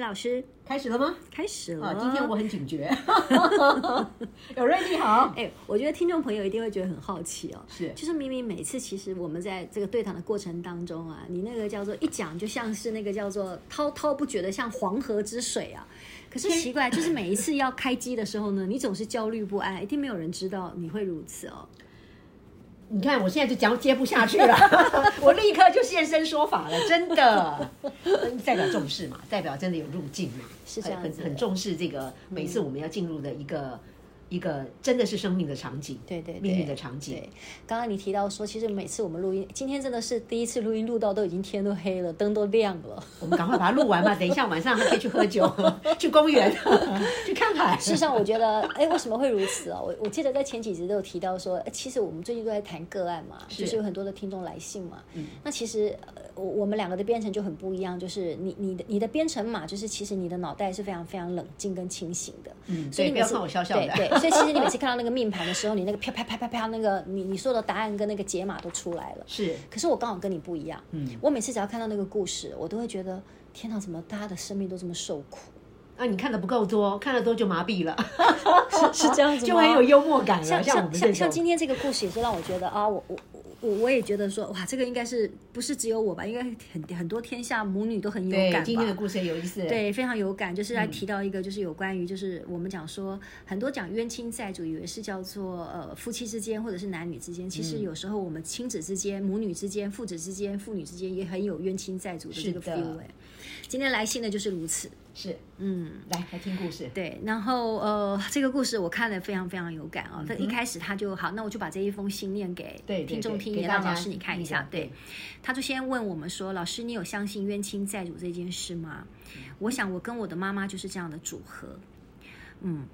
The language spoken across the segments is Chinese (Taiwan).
老師，開始了嗎？開始了、啊啊。今天我很警覺。 有瑞你好、欸，我覺得聽眾朋友一定會覺得很好奇哦。是，就是明明每次，其實我們在這個對談的過程當中啊，你那個叫做一講，就像是那個叫做滔滔不絕的，像黃河之水啊。可是奇怪，就是每一次要開機的時候呢，你總是焦慮不安，一定沒有人知道你會如此哦。你看，我現在就講接不下去了， 我立刻就現身說法了，真的，代表重視嘛，代表真的有入境嘛，是這樣的，很很重視這個，每一次我們要進入的一個。一個真的是生命的場景，對對，對，命運的場景對對。對。剛剛你提到說，其實每次我們錄音，今天真的是第一次錄音，錄到都已經天都黑了，燈都亮了。我們趕快把它錄完吧， 等一下晚上還可以去喝酒，去公園，去看海。事實上，我覺得，哎，為什麼會如此啊？我我記得在前幾集都有提到說，其實我們最近都在談個案嘛，是就是有很多的聽眾來信嘛。嗯，那其實我我們兩個的編程就很不一樣，就是你你的你的編程碼就是其實你的腦袋是非常非常冷靜跟清醒的。嗯，所以你不要看我小小對。對 所以其實你每次看到那個命盤的時候，你那個啪啪啪啪啪，那個你你說的答案跟那個解碼都出來了。是，可是我剛好跟你不一樣，嗯，我每次只要看到那個故事，我都會覺得，天吶，怎麼大家的生命都這麼受苦？啊，你看得不夠多，看得多就麻痹了，是 是這樣子嗎？ 就很有幽默感了 像像像像，像今天這個故事也是讓我覺得啊，我我。我我也覺得說，哇，這個應該是不是只有我吧？應該很很多天下母女都很有感吧。對，今天的故事有意思。對，非常有感。就是來提到一個，就是有關於，就是我們講說，嗯、很多講冤親債主，以為是叫做呃夫妻之間，或者是男女之間。其實有時候我們親子之間、嗯、母女之間、父子之間、父女之間，也很有冤親債主的這個 feel。今天來信的就是如此。是，嗯，來來聽故事，對，然後呃，這個故事我看了非常非常有感啊、哦。他、嗯、一開始他就好，那我就把這一封信念給聽眾聽也下，對對對，大家讓老師你看一下對對對，對，他就先問我們說：“老師，你有相信冤親債主這件事嗎、嗯？”我想我跟我的媽媽就是這樣的組合，嗯，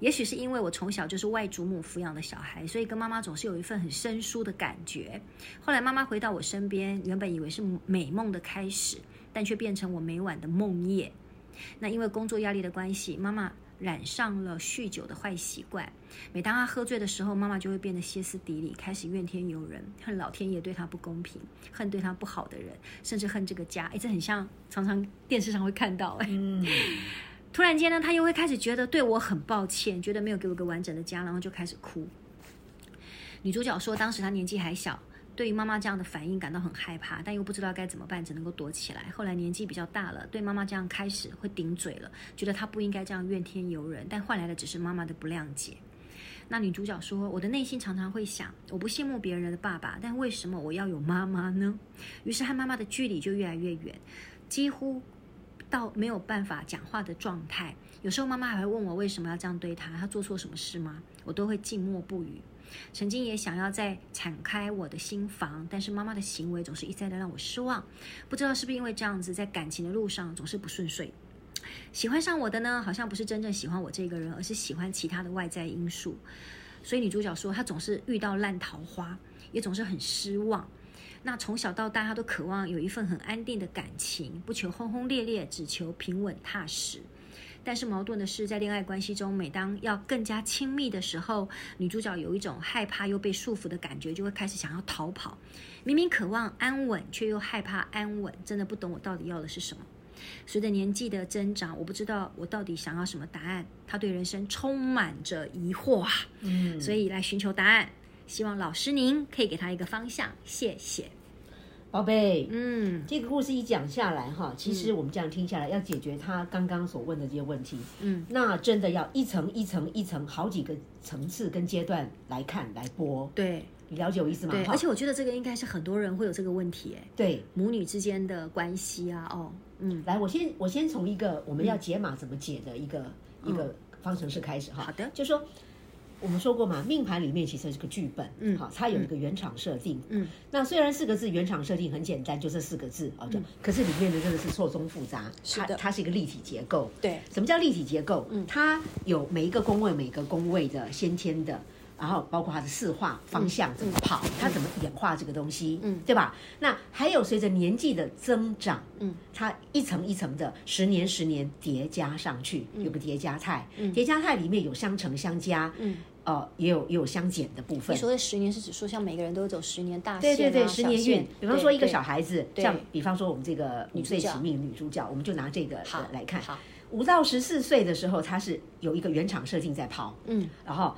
也許是因為我從小就是外祖母撫養的小孩，所以跟媽媽總是有一份很生疏的感覺。後來媽媽回到我身邊，原本以為是美夢的開始，但卻變成我每晚的夢夜。那因為工作壓力的關係，媽媽染上了酗酒的壞習慣。每當她喝醉的時候，媽媽就會變得歇斯底里，開始怨天尤人，恨老天爺對她不公平，恨對她不好的人，甚至恨這個家。哎，這很像常常電視上會看到。哎、嗯，突然間呢，她又會開始覺得對我很抱歉，覺得沒有給我一個完整的家，然後就開始哭。女主角說，當時她年紀還小。對於媽媽這樣的反應感到很害怕，但又不知道該怎麼辦，只能夠躲起來。後來年紀比較大了，對媽媽這樣開始會頂嘴了，覺得她不應該這樣怨天尤人，但換來的只是媽媽的不諒解。那女主角說：“我的內心常常會想，我不羨慕別人的爸爸，但為什麼我要有媽媽呢？”於是和媽媽的距離就越來越遠，幾乎到沒有辦法講話的狀態。有時候媽媽還會問我為什麼要這樣對她，她做錯什麼事嗎？我都會靜默不語。曾經也想要再敞開我的心房，但是媽媽的行為總是一再的讓我失望。不知道是不是因為這樣子，在感情的路上總是不順遂。喜歡上我的呢，好像不是真正喜歡我這個人，而是喜歡其他的外在因素。所以女主角說，她總是遇到爛桃花，也總是很失望。那從小到大，她都渴望有一份很安定的感情，不求轟轟烈烈，只求平穩踏實。但是矛盾的是，在戀愛關係中，每當要更加親密的時候，女主角有一種害怕又被束縛的感覺，就會開始想要逃跑。明明渴望安穩，卻又害怕安穩，真的不懂我到底要的是什麼。隨着年紀的增長，我不知道我到底想要什麼答案。她對人生充滿着疑惑啊，嗯，所以來尋求答案，希望老師您可以給她一個方向，謝謝。寶貝，嗯，這個故事一講下來哈，其實我們這樣聽下來，要解決他剛剛所問的這些問題，嗯，那真的要一層一層一層好幾個層次跟階段來看來播。對，你了解我意思嗎？對，而且我覺得這個應該是很多人會有這個問題，哎，對，母女之間的關係啊，哦，嗯，來，我先我先從一個我們要解碼怎麼解的一個、嗯、一個方程式開始哈、嗯。好的，就說。我們說過嘛，命盤裡面其實是個劇本，嗯，好，它有一個原廠設定，嗯，嗯，那雖然四個字原廠設定很簡單，就這四個字啊、嗯，就，可是裡面的真的是錯綜複雜，是、嗯、的，它是一個立體結構，對，什麼叫立體結構？嗯，它有每一個宮位，每個宮位的先天的，然後包括它的四化方向、嗯、怎麼跑、嗯，它怎麼演化這個東西，嗯，對吧？那還有隨着年紀的增長，嗯，它一層一層的，十年十年疊加上去，嗯、有個疊加態，疊、嗯、加態裡面有相乘相加，嗯。哦，也有也有相減的部分。你說的十年是指說，像每個人都有走十年大運、啊、對對對，十年運。比方說，一個小孩子，像比方說我們這個五歲起命女主角，我們就拿這個來看。五到十四歲的時候，她是有一個原廠設定在跑，嗯，然後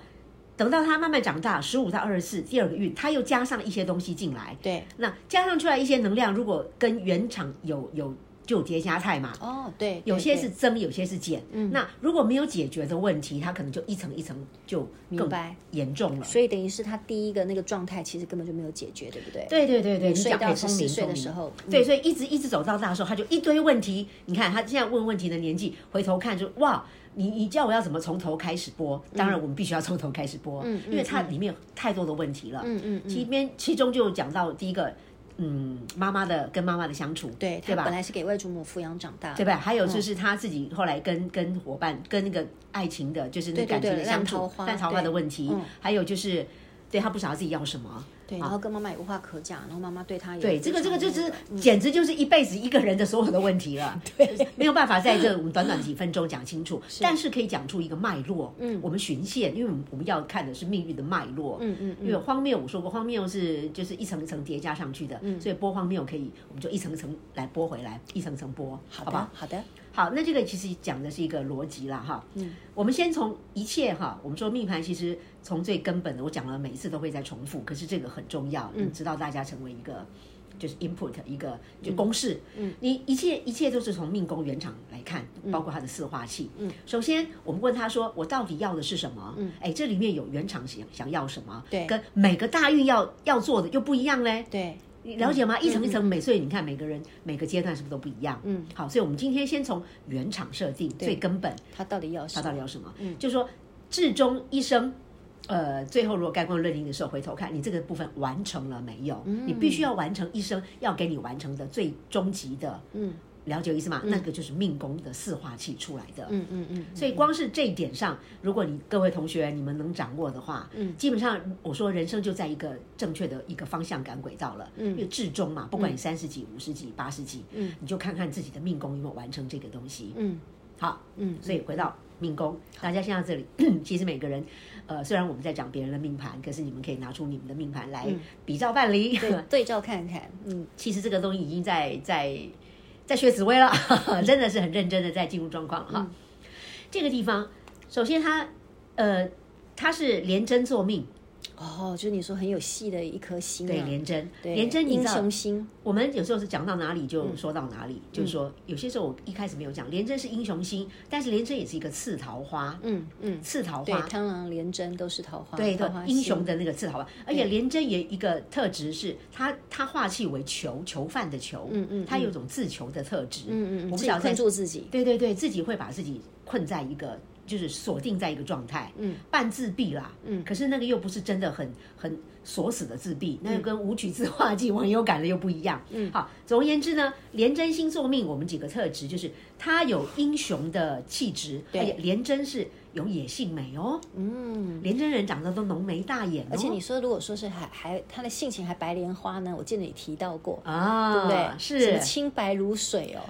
等到他慢慢長大，十五到二十四，第二個運，他又加上一些東西進來。對，那加上出來一些能量，如果跟原廠有有。就疊加菜嘛。哦對對對，對，有些是增，有些是減。嗯，那如果沒有解決的問題，它可能就一層一層就更嚴重了。所以等於是他第一個那個狀態，其實根本就沒有解決，對不對？對對對對，對對你講到十歲的時候，對，所以一直一直走到大的時候，他就一堆問題。嗯、你看他現在問問題的年紀，回頭看就哇，你你叫我要怎麼從頭開始播？當然我們必須要從頭開始播，嗯，因為它裡面有太多的問題了。嗯嗯，其、嗯、邊、嗯、其中就講到第一個。嗯，媽媽的跟媽媽的相處，對，對吧？本來是給外祖母撫養長大，對不對？嗯、還有就是他自己後來跟跟夥伴、跟那個愛情的，就是那感情的相處，爛桃、爛桃花的問題，嗯、還有就是。對，他不曉得自己要什麼，對、啊，然後跟媽媽也無話可講，然後媽媽對他也……對，這個這個就是、嗯，簡直就是一輩子一個人的所有的問題了， 對，就是、沒有辦法在這 我們短短幾分鐘講清楚，但是可以講出一個脈絡。嗯，我們循線，因為我們我們要看的是命運的脈絡。嗯嗯，嗯，因為荒謬，我說過荒謬是就是一層一層疊加上去的，嗯，所以播荒謬可以，我們就一層一層來播回來，一層一層播，好不好吧？好的。好，那這個其實講的是一個邏輯啦哈。嗯，我們先從一切哈，我們說命盤其實從最根本的，我講了每一次都會再重複，可是這個很重要，嗯，直到大家成為一個就是 input 一個、嗯、就公式，嗯，你一切一切都是從命宮原廠來看，嗯，包括它的四化器。嗯，首先我們問他說，我到底要的是什麼？嗯，哎，這裡面有原廠想想要什麼？對，跟每個大運要要做的又不一樣嘞。對。你了解嗎？一層一層美、嗯嗯，所以你看每個人、嗯、每個階段是不是都不一樣？嗯，好，所以我們今天先從原廠設定最根本，它到底要它到底要什麼？嗯，就是說至終一生，呃，最後如果蓋棺論定的時候回頭看你這個部分完成了沒有？嗯，你必須要完成一生、嗯、要給你完成的最終極的，嗯。了解我意思嗎？那個就是命宮的四化氣出來的。嗯嗯嗯，嗯。所以光是這一點上，如果你各位同學你們能掌握的話，嗯，基本上我說人生就在一個正確的一個方向感軌道了。嗯。因為至終嘛，不管你三十幾、嗯、五十幾、八十幾，嗯，你就看看自己的命宮有沒有完成這個東西。嗯。好，嗯。所以回到命宮，大家先到這裡。其實每個人，呃，雖然我們在講別人的命盤，可是你們可以拿出你們的命盤來比照辦理，嗯、對，對照看看。嗯。其實這個東西已經在在。在學紫微了呵呵，真的是很認真的在進入狀況哈、嗯。這個地方，首先它，呃，它是廉貞坐命。哦，就是你說很有戲的一顆星。啊，對，廉貞，廉貞英雄星。我們有時候是講到哪裡就說到哪裡，嗯、就是說、嗯、有些時候我一開始沒有講，廉貞是英雄星，但是廉貞也是一個次桃花，嗯嗯，次桃花，對，貪狼廉貞都是桃花，對的，英雄的那個次桃花。而且廉貞也一個特質是，他、嗯、他化氣為囚囚犯的囚，嗯嗯，他有種自囚的特質，嗯嗯，我們困住自己，對對對，自己會把自己困在一個。就是鎖定在一個狀態，嗯，半自閉啦，嗯，可是那個又不是真的很很鎖死的自閉，嗯、那又跟武曲自化忌網友改的又不一樣，嗯，好，總而言之呢，廉貞星坐命我們幾個特質就是他有英雄的氣質，對，廉貞是有野性美哦，嗯，廉貞人長得都濃眉大眼、哦，而且你說如果說是還還他的性情還白蓮花呢，我記得你提到過啊，對不對？是清白如水哦。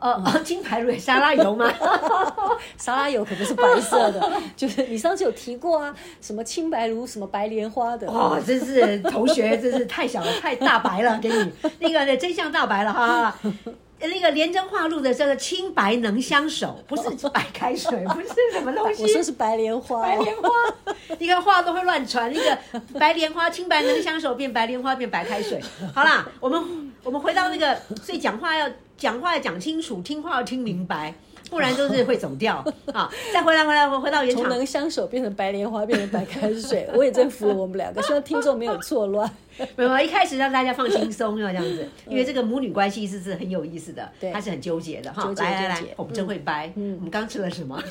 呃、哦哦，清白如也沙拉油嗎？ 沙拉油可不是白色的， 就是你上次有提過啊，什麼清白如什麼白蓮花的。哦，真是同學，真是太小了，太大白了，給你那個真相大白了哈。好好 那個《廉貞化祿》的這個“清白能相守”，不是白開水，不是什麼東西。 我說是白蓮花、哦，白蓮花。你看話都會亂傳，那個白蓮花清白能相守，變白蓮花變白開水。好啦，我們我們回到那個，所以講話要講話要講清楚，聽話要聽明白。不然就是會走掉 啊！再回來，回來，回回到原場，從能相守變成白蓮花，變成白開水，我也真服了我們兩個。 希望聽眾沒有錯亂，沒有。一開始讓大家放輕鬆，要這樣子，因為這個母女關係是是很有意思的， 對，他是很糾結的哈、啊。來來來，我們真會掰。嗯，我們剛吃了什麼？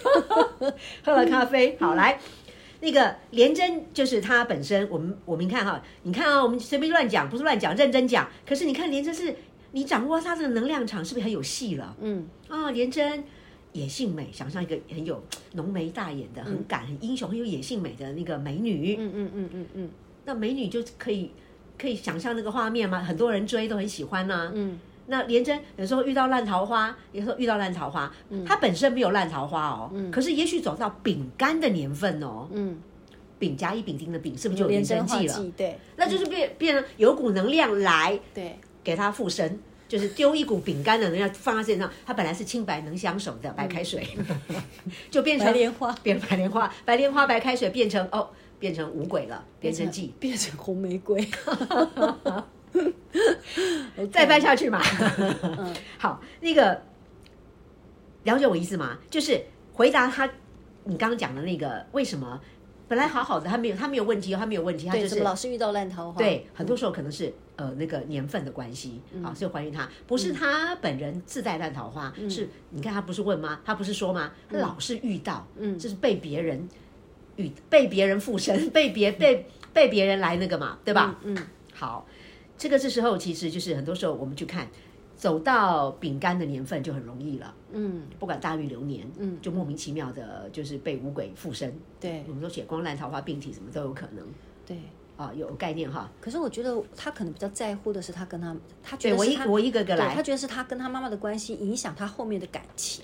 喝了咖啡。好，來，嗯、那個廉貞就是他本身，我們我們看哈，你看啊、哦，我們隨便亂講不是亂講，認真講。可是你看廉貞是你掌握他這個能量場，是不是很有戲了？嗯，啊，廉貞。野性美，想象一個很有濃眉大眼的、嗯、很敢、很英雄、很有野性美的那個美女。嗯嗯嗯嗯嗯。那美女就可以可以想象那個畫面嗎？很多人追都很喜歡吶、啊。嗯。那廉貞有時候遇到爛桃花，有時候遇到爛桃花，嗯、她本身沒有爛桃花哦。嗯。可是也許走到丙干的年份哦。嗯。丙，甲乙丙丁的丙，是不是就有廉貞忌了？對。那就是變變了有股能量來、嗯、對，給她附身。就是丟一股餅乾的人要放在身上，他本來是清白能相守的白開水，嗯、 就變成白蓮花，變白蓮花，白蓮花白開水變成哦，變成五鬼了，變成忌，變成紅玫瑰， 再掰下去嘛。 好，那個了解我意思嗎？就是回答他你剛剛講的那個為什麼。本來好好的，他沒有，他沒有問題，他沒有問題，他就是，是老是遇到爛桃花。對，很多時候可能是、嗯、呃那個年份的關係好、嗯啊，所以懷疑他不是他本人自帶爛桃花，嗯、是你看他不是問嗎？他不是說嗎？他、嗯、老是遇到，嗯，這、就是被別人與被別人附身，被別、嗯、被被別人來那個嘛，對吧？嗯，嗯，好，這個這時候其實就是很多時候我們去看。走到丙乾的年份就很容易了，嗯，不管大運流年，嗯，就莫名其妙的，就是被五鬼附身，對，我們都血光爛桃花病體什麼都有可能，對，啊，有概念哈。可是我覺得他可能比較在乎的是他跟他，他覺得是他，對我一我一個個來，他覺得是他跟他媽媽的關係影響他後面的感情。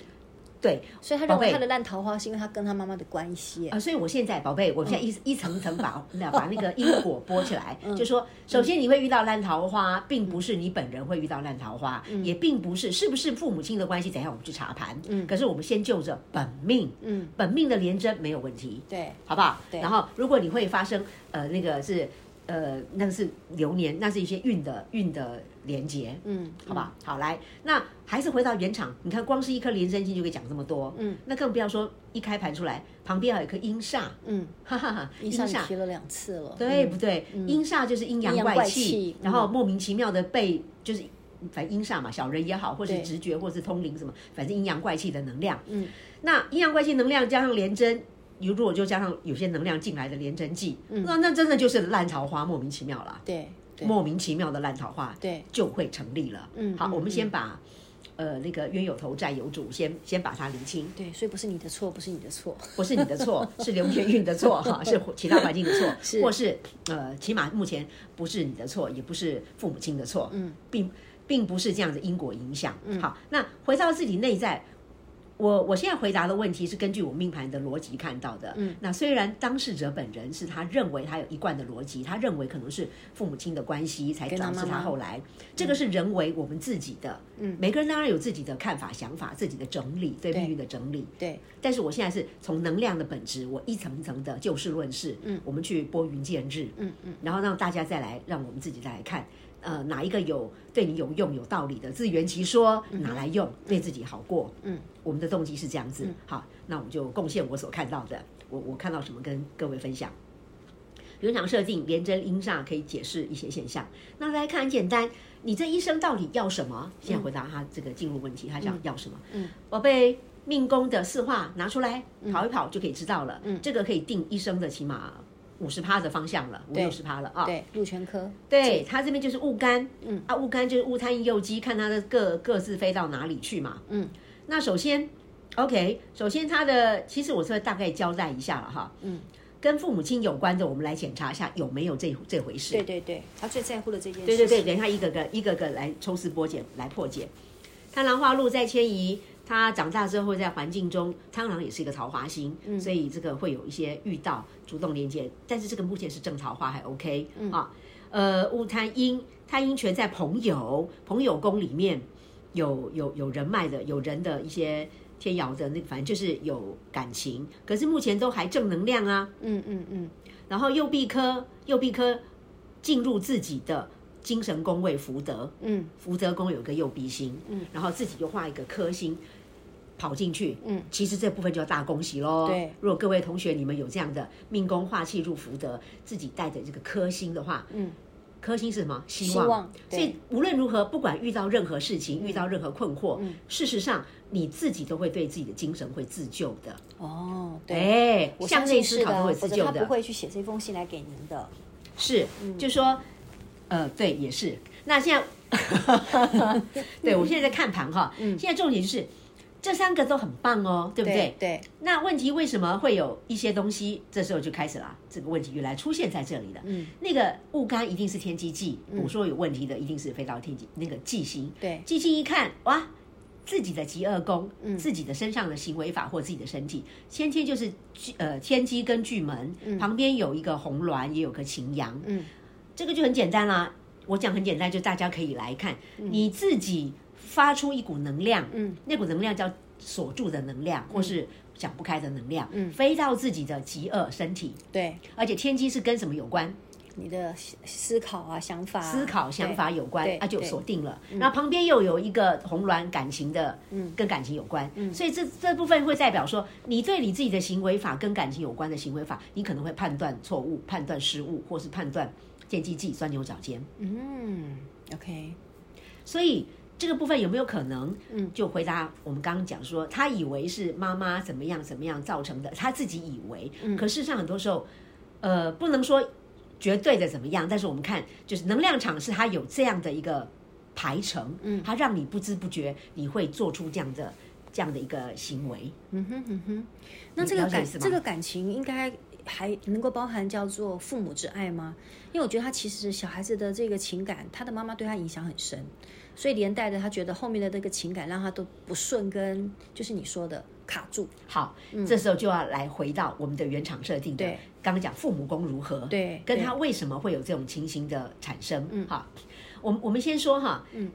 對，所以他認為他的爛桃花是因為他跟他媽媽的關係啊、呃，所以，我現在寶貝，我現在一、嗯、一層層把那把那個因果剝起來、嗯，就說，首先你會遇到爛桃花，並不是你本人會遇到爛桃花，嗯，也並不是是不是父母親的關係，等下我們去查盤、嗯。可是我們先就着本命、嗯，本命的廉貞沒有問題，對，好不好？然後，如果你會發生呃那個是呃那個是流年，那是一些運的運的。廉接、嗯，嗯，好吧，好來，那還是回到原廠，你看光是一顆廉貞星就可以講這麼多，嗯，那更不要說一開盤出來旁邊還有一顆陰煞，嗯，哈哈哈，陰煞，陰煞提了兩次了，對不、嗯、對？陰、嗯、煞就是陰陽怪氣，然後莫名其妙的被就是反正陰煞嘛，小人也好，或是直覺，或是通靈什麼，反正陰陽怪氣的能量，嗯，那陰陽怪氣能量加上廉貞，如果就加上有些能量進來的廉貞忌，那、嗯、那真的就是爛桃花，莫名其妙了，對。莫名其妙的爛桃花，對，就會成立了。嗯，好，嗯，我們先把、嗯，呃，那個冤有頭債有主先，先先把它釐清。對，所以不是你的錯，不是你的錯，不是你的錯， 是流年運的錯哈， 是其他環境的錯，或是呃，起碼目前不是你的錯，也不是父母親的錯，嗯，並並不是這樣的因果影響。嗯，好，那回到自己內在。我我現在回答的問題是根據我命盤的邏輯看到的，嗯。那雖然當事者本人是他認為他有一貫的邏輯，他認為可能是父母親的關係才導致他後來媽媽媽，這個是人為我們自己的，嗯。每個人當然有自己的看法、想法、自己的整理，對命運的整理對。對。但是我現在是從能量的本質，我一層一層的就事論事。嗯，我們去撥雲見日。嗯嗯。然後讓大家再來，讓我們自己再來看。呃，哪一個有對你有用，有道理的自圓其說拿來用，嗯，對自己好過。嗯，我們的動機是這樣子。嗯、好，那我們就貢獻我所看到的，我我看到什麼跟各位分享。原廠設定廉貞陰煞可以解釋一些現象。那大家看很簡單，你這一生到底要什麼？先回答他這個進入問題，嗯、他想要什麼？嗯，寶、嗯、貝命宮的四化拿出來跑一跑就可以知道了。嗯，這個可以定一生的起碼。五十趴的方向了，五六十趴了啊！對，祿、哦、權科，對，他這，這邊就是戊干，嗯啊，戊干就是戊貪右機，看它的各各自飛到哪裡去嘛，嗯。那首先，OK，首先它的其實我是大概交代一下了哈，嗯，跟父母親有關的，我們來檢查一下有沒有這這回事。對對對，他最在乎的這件事。對對對，等一下一個個一個個來抽絲剝繭來破解。貪狼化祿在遷移。他長大之後，在環境中，貪狼也是一個桃花星、嗯，所以這個會有一些遇到主動連接。但是這個目前是正桃花還 OK、嗯、啊。呃，戊太陰，太陰權在朋友朋友宮裡面有有有人脈的，有人的一些天姚的，那反正就是有感情。可是目前都還正能量啊。嗯嗯嗯。然後右弼科，右弼科進入自己的精神宮位福德，嗯，福德宮有一個右弼星，嗯，然後自己又化一個科星。跑進去，嗯，其實這部分就要大恭喜嘍。對，如果各位同學你們有這樣的命宮化氣入福德，自己帶着這個科星的話，嗯，科星是什麼？希望，希望。所以無論如何，不管遇到任何事情，嗯、遇到任何困惑、嗯嗯，事實上你自己都會對自己的精神會自救的。哦，對，哎、欸，向內思考都會自救的。他不會去寫這封信來給您的。是，嗯、就說，呃，對，也是。那現在， 對，我現在在看盤哈，嗯，現在重點就是。這三個都很棒哦，對不對，對？對。那問題為什麼會有一些東西？這時候就開始了，這個問題原來出現在這裡了。嗯。那個戊干一定是天機忌，我、嗯、說有問題的一定是飛到天機、嗯、那個忌星。對。忌星一看，哇，自己的疾厄宮、嗯、自己的身上的行為法或自己的身體，先天就是呃天機跟巨門、嗯，旁邊有一個紅鸞，也有個擎羊。嗯。這個就很簡單啦，我講很簡單，就大家可以來看、嗯、你自己。發出一股能量，嗯，那股能量叫鎖住的能量，嗯、或是想不開的能量，嗯，飛到自己的疾厄身體、嗯，對。而且天機是跟什麼有關？你的思考啊，想法、啊。思考想法有關，對，對對啊、就鎖定了。那、嗯、旁邊又有一個紅鸞，感情的，嗯，跟感情有關，嗯，所以這這部分會代表說，你對你自己的行為法跟感情有關的行為法，你可能會判斷錯誤、判斷失誤，或是判斷天機自己鑽牛角尖。嗯，OK，所以。這個部分有沒有可能？嗯，就回答我們剛剛講說，他以為是媽媽怎麼樣怎麼樣造成的，他自己以為。嗯，可事實上很多時候，呃，不能說絕對的怎麼樣。但是我們看，就是能量場是他有這樣的一個排程。嗯，他讓你不知不覺你會做出這樣的這樣的一個行為。嗯哼嗯哼。那這個感這個感情應該還能夠包含叫做父母之愛嗎？因為我覺得他其實小孩子的這個情感，他的媽媽對他影響很深。所以連帶着他覺得後面的那個情感，讓他都不順，跟就是你說的卡住。好、嗯，這時候就要來回到我們的原廠設定。對，剛剛講父母宮如何對？對，跟他為什麼會有這種情形的產生？嗯，好，我們我們先說哈，嗯，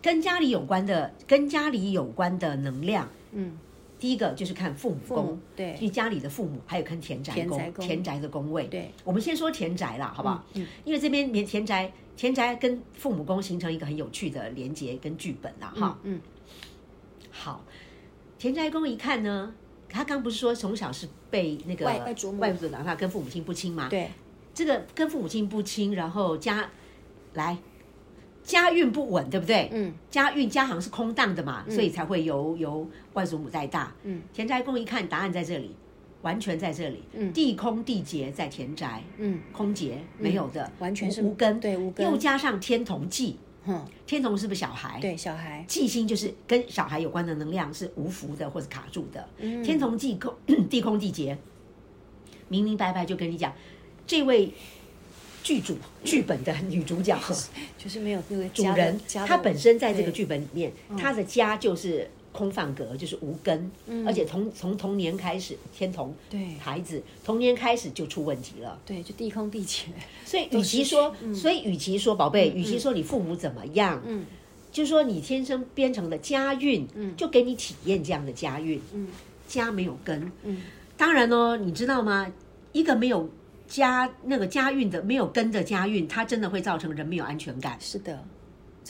跟家裡有關的，跟家裡有關的能量，嗯，第一個就是看父母宮，對，因為家裡的父母，還有看田宅宮，田宅的宮位。對，我們先說田宅啦，好不好？嗯，嗯因為這邊田田宅。田宅跟父母宮形成一個很有趣的連結跟劇本啊。哈、嗯。嗯，好，田宅宮一看呢，他剛不是說從小是被那個外外祖母、外祖母，他跟父母親不親嘛。對，這個跟父母親不親，然後家來家運不穩，對不對？嗯，家運、家行是空蕩的嘛，嗯、所以才會由由外祖母帶大。嗯，田宅宮一看，答案在這裡。完全在這裡，地空地劫在田宅，嗯，空劫沒有的，嗯、完全是無根，對，無根。又加上天同忌、嗯，天同是不是小孩？對，小孩。忌星就是跟小孩有關的能量是無福的或者卡住的。嗯，天同忌空地空地劫，明明白白就跟你講，這位劇組劇本的女主角，就是、就是、沒有那位、個、主人，她本身在這個劇本裡面，她的家就是。空放格就是無根，嗯、而且從從童年開始，天童對孩子童年開始就出問題了。對，就地空地劫。所以與其說，嗯、所以與其說寶貝，與其說你父母怎麼樣，嗯，嗯就說你天生編成的家運，嗯，就給你體驗這樣的家運，嗯，家沒有根，嗯，嗯當然哦，你知道嗎？一個沒有家那個家運的沒有根的家運，它真的會造成人沒有安全感。是的。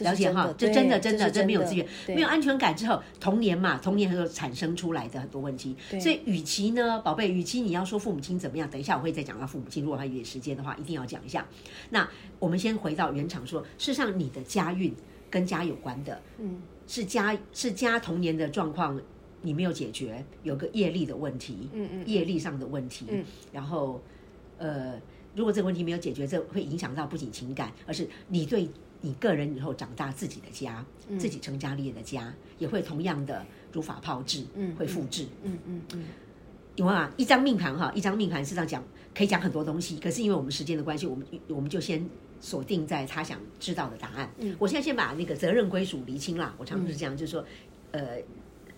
了解哈，這真的真的,真,的,這真,的真沒有資源，沒有安全感之後，童年嘛，童年會產生出來的很多問題。所以，與其呢，寶貝，與其你要說父母親怎麼樣，等一下我會再講到父母親。如果還有點時間的話，一定要講一下。那我們先回到原廠說，事實上你的家運跟家有關的，嗯，是家是家童年的狀況你沒有解決，有個業力的問題，嗯嗯，業力上的問題、嗯。然後，呃，如果這個問題沒有解決，這會影響到不僅情感，而是你對。你個人以後長大自己的家，嗯、自己成家立業的家，也會同樣的如法炮製，嗯、會複製。嗯嗯嗯，因為啊，一張命盤哈，一張命盤實際上講可以講很多東西，可是因為我們時間的關係，我們我們就先鎖定在他想知道的答案。嗯，我現在先把那個責任歸屬釐清啦。我常常是這樣，就是說，呃，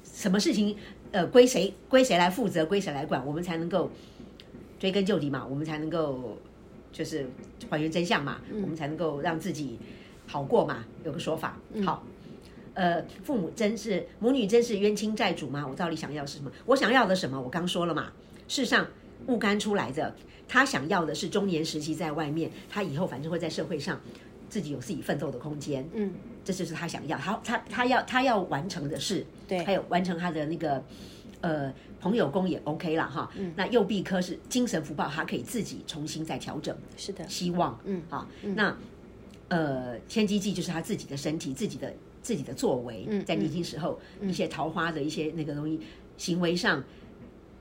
什麼事情呃歸誰歸誰來負責，歸誰來管，我們才能夠追根究底嘛，我們才能夠就是還原真相嘛，嗯、我們才能夠讓自己。好過嘛？有個說法，好，呃，父母真是母女真是冤親債主嗎？我到底想要的是什麼？我想要的什麼？我剛，剛說了嘛，世上悟幹出來的，他想要的是中年時期在外面，他以後反正會在社會上自己有自己奮鬥的空間，嗯，這就是他想要，他他他要他要完成的事，對，還有完成他的那個呃朋友宮也 OK 了哈、嗯，那右弼科是精神福報，他可以自己重新再調整，是的，希望，嗯好嗯嗯。那。呃，天機記就是他自己的身體，自己的自己的作為，嗯、在年輕時候、嗯、一些桃花的一些那個東西，行為上，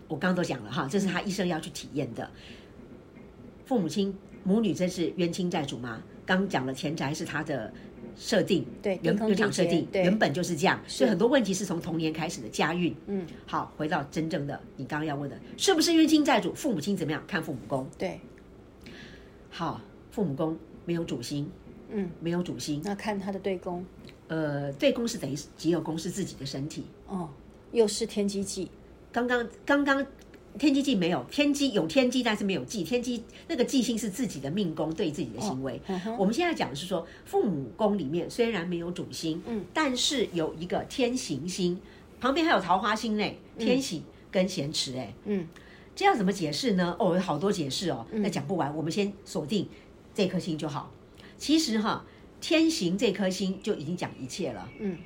我剛剛都講了哈，這是他一生要去體驗的。嗯、父母親母女真是冤親債主嗎？剛講了前宅是他的設定，對，原工廠設定，原本就是這樣，所以很多問題是從童年開始的家運。嗯，好，回到真正的你剛剛要問的，是不是冤親債主？父母親怎麼樣看父母宮？對，好，父母宮沒有主心。嗯，沒有主星，那看他的對宮，呃，對宮是等於疾厄宮是自己的身體哦，又是天機忌，剛剛剛剛天機忌沒有，天機有天機，但是沒有忌，天機那個忌星是自己的命宮對自己的行為，哦呵呵，我們現在講的是說父母宮裡面雖然沒有主星，嗯，但是有一個天刑星，旁邊還有桃花星嘞，天喜跟咸池哎，嗯，這要怎麼解釋呢？哦，有好多解釋哦，那、嗯、講不完，我們先鎖定這顆星就好。其實哈，天刑這顆星就已經講一切了。嗯，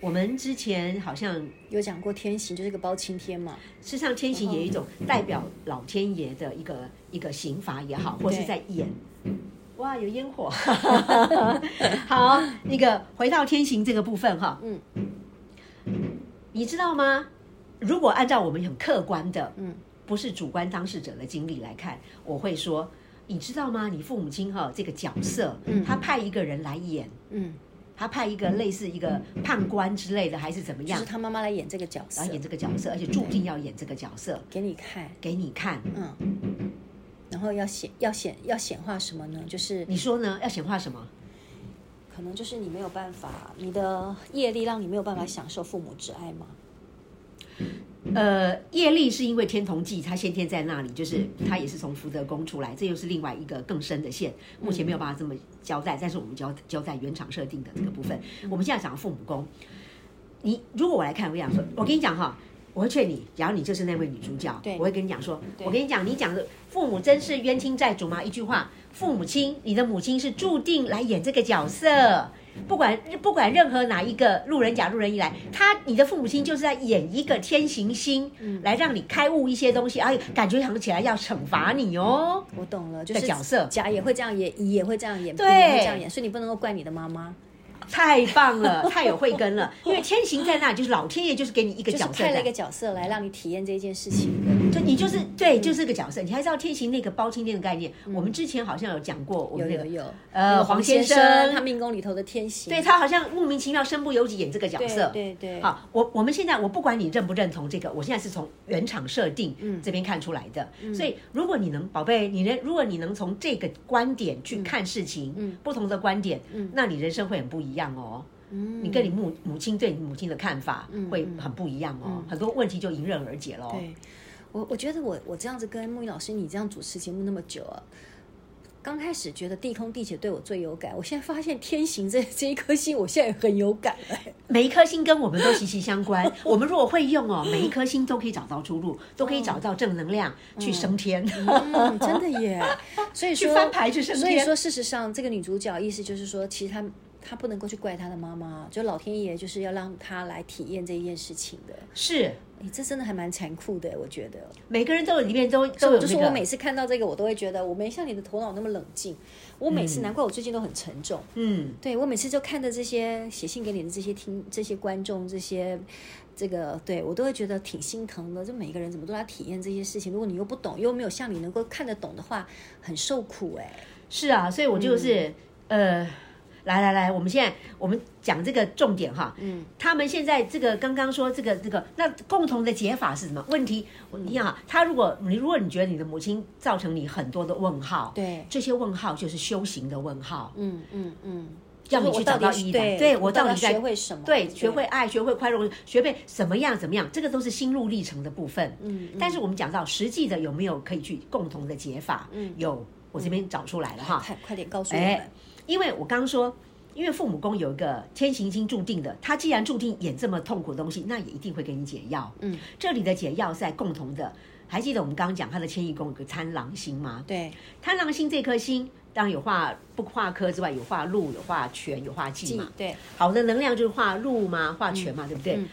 我們之前好像有講過，天刑就是個包青天嘛。事實上，天刑也有一種代表老天爺的一個一個刑罰也好，或是在演。嗯、哇，有煙火。 好，那個回到天刑這個部分哈，嗯，你知道嗎？如果按照我們很客觀的，嗯，不是主觀當事者的經歷來看，我會說。你知道嗎？你父母親哈，這個角色，他派一個人來演，嗯，他派一個類似一個判官之類的，還是怎麼樣？是他媽媽來演這個角色，來演這個角色，而且注定要演這個角色。給你看，給你看，嗯，然後要顯要顯要顯化什麼呢？就是你說呢？要顯化什麼？可能就是你沒有辦法，你的業力讓你沒有辦法享受父母之愛嗎？呃，業力是因為天同忌，她先天在那裡，就是她也是從福德宮出來，這又是另外一個更深的線，目前沒有辦法這麼交代。但是我們交交代原廠設定的這個部分，嗯、我們現在講父母宮，你如果我來看，我想說，我跟你講哈，我會勸你，假如你就是那位女主角，對我會跟你講說對，我跟你講，你講的父母真是冤親債主嗎？一句話，父母親，你的母親是注定來演這個角色。不管不管任何哪一個路人甲、路人乙來，他你的父母親就是在演一個天刑星，來讓你開悟一些東西，而、哎、且感覺想不起來要懲罰你哦。嗯、我懂了，就是角色甲也會這樣演，乙、嗯、也會這樣演，對，也會這樣演，所以你不能夠怪你的媽媽。太棒了，太有慧根了。因為天刑在那，就是老天爺就是給你一個角色，派、就是、了一個角色來讓你體驗這件事情、嗯。就你就是對、嗯，就是這個角色。你還是要天刑那個包青天的概念、嗯。我們之前好像有講過我們、那個，我有有有。呃，黃先生，黃先生他命宮裡頭的天刑，對他好像莫名其妙身不由己演這個角色。對對，對。好，我我們現在我不管你認不認同這個，我現在是從原廠設定這邊看出來的、嗯。所以如果你能，寶貝，你能，如果你能從這個觀點去看事情，嗯，不同的觀點，嗯，那你人生會很不一樣。樣哦，嗯，你跟你母母親對你母親的看法會很不一樣哦，嗯嗯、很多問題就迎刃而解嘍、哦。我我覺得我我這樣子跟牧音老師，你這樣主持節目那麼久、啊，剛開始覺得地空地劫對我最有感，我現在發現天刑這這一顆星，我現在也很有感、哎、每一顆星跟我們都息息相關， 我們如果會用哦，每一顆星都可以找到出路，都可以找到正能量、嗯、去升天、嗯。真的耶，所以說去翻牌去升天。所以說，事實上，這個女主角意思就是說，其實她。他不能夠去怪他的媽媽，就老天爺就是要讓他來體驗這一件事情的。是，你這真的還蠻殘酷的，我覺得。每個人都裡面都都有，就是我每次看到這個，我都會覺得我沒像你的頭腦那麼冷靜。我每次、嗯、難怪我最近都很沉重。嗯，對我每次就看着這些寫信給你的這些聽這些觀眾這些這個，對我都會覺得挺心疼的。就每個人怎麼都在體驗這些事情，如果你又不懂又沒有像你能夠看得懂的話，很受苦哎。是啊，所以我就是、嗯、呃。來來來，我們現在我們講這個重點哈，嗯，他們現在這個剛剛說這個這個，那共同的解法是什麼問題？我你聽哈，他如果你如果你覺得你的母親造成你很多的問號，對，這些問號就是修行的問號，嗯嗯嗯，讓、嗯、我去找到意義對，對我到底在，到底在學會什麼對？對，學會愛，學會寬容，學會什麼樣怎麼樣，這個都是心路歷程的部分嗯，嗯，但是我們講到實際的有沒有可以去共同的解法？嗯，有，我這邊找出來了哈，快、嗯嗯哎、快點告訴我們。欸因為我剛剛說，因為父母宮有一個天刑星注定的，他既然注定演這麼痛苦的東西，那也一定會給你解藥。嗯，這裡的解藥是共同的，還記得我們剛剛講他的遷移宮有個貪狼星嗎？對，貪狼星這顆星，當然有化不化科之外，有化祿、有化權有化忌嘛。對，好的能量就是化祿嘛、化權嘛，對不對、嗯？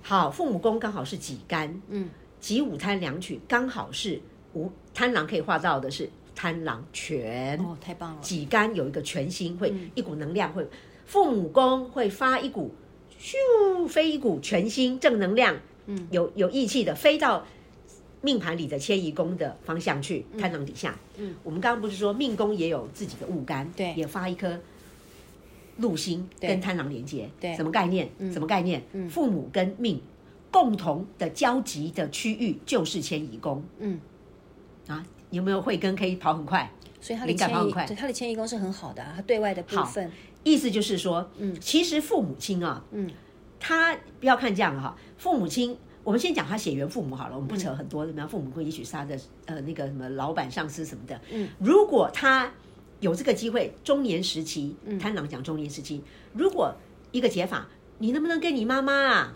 好，父母宮剛好是己干，嗯，己武貪梁曲，剛好是武貪狼可以化到的是。貪狼權哦，太棒了！己干有一個權星，會一股能量會、嗯、父母宮會發一股咻飛一股全新正能量，嗯，有有意氣的飛到命盤裡的遷移宮的方向去、嗯，貪狼底下。嗯，我們剛剛不是說命宮也有自己的戊干，對、嗯，也發一顆祿星跟貪狼連接，對，什麼概念？嗯、什麼概念？嗯、父母跟命共同的交集的區域就是遷移宮。嗯，啊。有沒有慧根，可以跑很快？所以他的遷移對他的遷移宮，是很好的，啊，他對外的部分好。意思就是說，嗯，其實父母親啊，嗯，他不要看這樣哈，哦，父母親，我們先講他血緣父母好了，我們不扯很多什麼、嗯、父母會一起殺的，呃，那個什麼老闆上司什麼的。嗯，如果他有這個機會，中年時期，嗯，貪狼講中年時期，如果一個解法，你能不能跟你媽媽啊，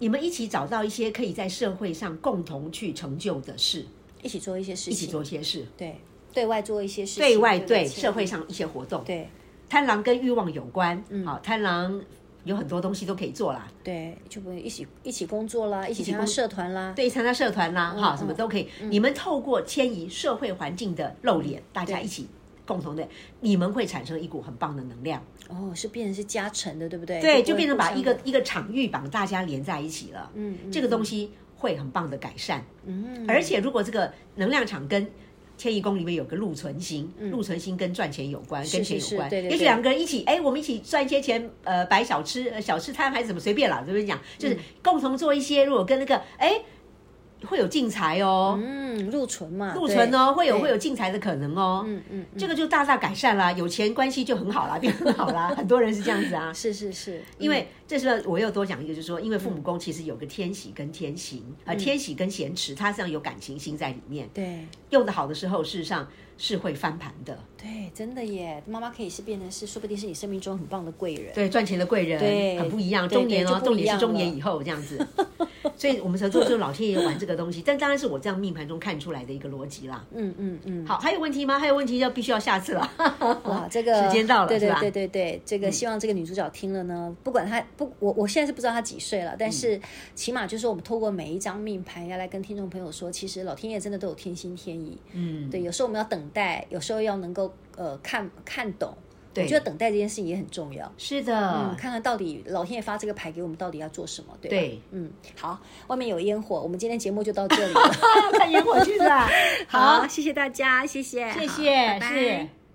你們一起找到一些可以在社會上共同去成就的事？一起做一些事情，一起做一些事，對，對外做一些事情，對外對，對社會上一些活動，對，貪狼跟欲望有關，好、嗯哦，貪狼有很多東西都可以做啦，對，就不如一起一起工作啦一工作，一起參加社團啦，對，參加社團啦，哈、嗯哦，什麼都可以、嗯。你們透過遷移社會環境的露臉，嗯、大家一起共同的，你們會產生一股很棒的能量。哦，是變成是加成的，對不對？對，就變成把一個會不會不一個場域把大家連在一起了。嗯，嗯這個東西。會很棒的改善，嗯，嗯，而且如果這個能量場跟遷移宮裡面有個祿存星，祿存星、嗯、祿存星跟賺錢有關，是是是跟錢有關，是是對對對，也許兩個人一起，哎，我們一起賺一些錢，呃，擺小吃小吃攤還是怎麼，隨便啦，這邊講，就是共同做一些，嗯、如果跟那個，哎。會有進財哦，嗯，入存嘛，入存哦，會有會有進財的可能哦，嗯嗯，嗯，這個就大大改善啦，有錢關係就很好啦，變很好啦， 很多人是這樣子啊，是是是，因為、嗯、這時候我又多講一個，就是說，因為父母宮其實有個天喜跟天刑，啊、嗯，而天喜跟咸池，它實際上有感情心在裡面，對、嗯，用得好的時候，事實上。是會翻盤的，對，真的耶！媽媽可以是變成是，說不定是你生命中很棒的貴人，對，賺錢的貴人，對很不一樣。中年哦，重點是中年以後這樣子， 所以，我們才做就是老天爺玩這個東西， 但當然是我這樣命盤中看出來的一個邏輯啦。嗯嗯嗯，好，還有問題嗎？還有問題要必須要下次了。哇、 啊，這個時間到了，對對對對對，對，這個希望這個女主角聽了呢，嗯、不管她不，我我現在是不知道她幾歲了，但是、嗯、起碼就是我們透過每一張命盤要來跟聽眾朋友說，其實老天爺真的都有天心天意。嗯，對，有時候我們要等。等待有時候要能夠呃，看看懂對，我覺得等待這件事情也很重要。是的，嗯、看看到底老天爺發這個牌給我們到底要做什麼，對吧？對，嗯，好，外面有煙火，我們今天節目就到這裡了， 看煙火去了。好，謝謝大家，謝謝，謝謝，拜拜。